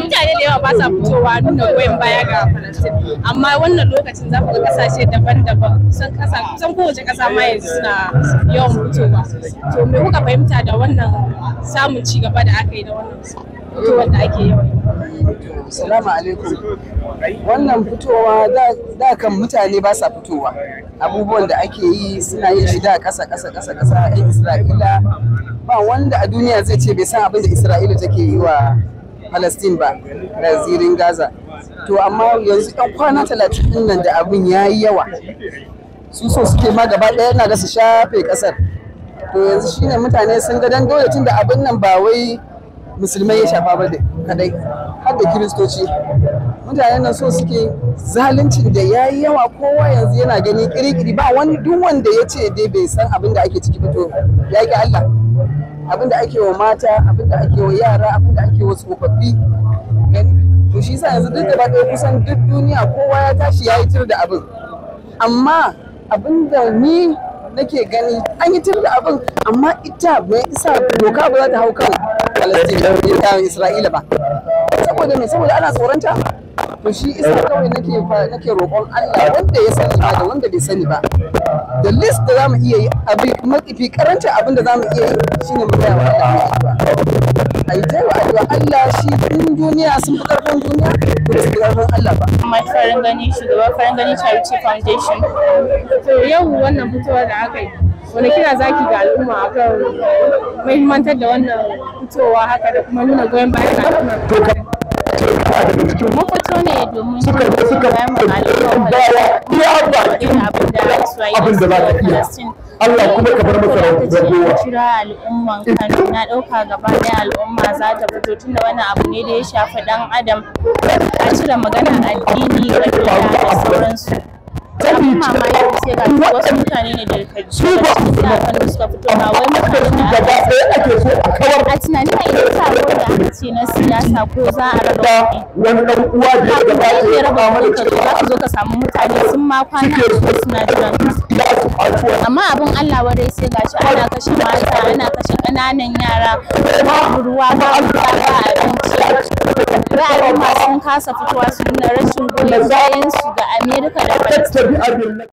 mutane da yawa ba sa fitowa nuna goyon baya ga Falastin. amma wannan lokacin za ku ga kasashe daban-daban kusan kasa kusan kowace kasa ma yanzu suna yawan fitowa to me kuka fahimta da wannan samun ci gaba da aka yi da wannan fitowar da ake yawan Salamu alaikum. Wannan fitowa da kan mutane ba sa fitowa. Abubuwan da ake yi suna yin shi da ƙasa ƙasa ƙasa ƙasa a Isra'ila. Ba wanda a duniya zai ce bai san abin da Isra'ila take yi wa Palestine ba na zirin Gaza to amma yanzu ɗan kwana talatin nan da abin ya yi yawa su so suke ma gaba ɗaya na da su shafe ƙasar to yanzu shine mutane sun ga dan dole tun da abin nan ba wai musulmai ya shafa ba kadai har da kiristoci mutanen nan so suke zaluncin da ya yi yawa kowa yanzu yana gani kiri ba wani duk wanda ya ce dai bai san abin da ake ciki fito ya ya Allah abin da ake wa mata abin da ake wa yara abin da ake wa tsofaffi to shi sa yanzu duk gaba ɗaya kusan duk duniya kowa ya tashi ya yi tir da abin amma abin da ni nake gani an yi tir da abin amma ita mai isa doka ba za ta hau kan isra'ila ba saboda mai saboda ana tsoronta to shi isa kawai nake roƙon allah wanda ya sani ba da wanda bai sani ba da list da zamu iya yi abin mafi karancin abin da zamu iya yi shine mu gaya wa Allah a yi addu'a Allah shi din duniya sun fi karfin duniya ba su karfin Allah ba mai farin gani shugaba farin gani charity foundation to yau wannan fitowar da aka yi wani kira zaki ga al'umma akan muhimmantar da wannan fitowa haka da kuma nuna goyon bayan al'umma mun fito ne domin suka bayan al'umma wanda abin da abin da za ka iya Allah kuma ka bar masa rabuwa. kira al'umman Kano na dauka gaba ɗaya al'umma za ta fito tunda wani abu ne da ya shafi dan adam a cire magana addini kabila da sauransu. sai ga wasu mutane da su ba su suka fito ba mutane na gaba ɗaya a tunanin na siyasa ko za raba wani ya raba wani za zo ka samu mutane sun suna amma abin Allah wadai sai gashi ana kashe mata ana kashe ƙananan yara ruwa ba ba abinci ra'ayin sun kasa fitowa su nuna rashin goyon bayan su ga Amerika da Palestine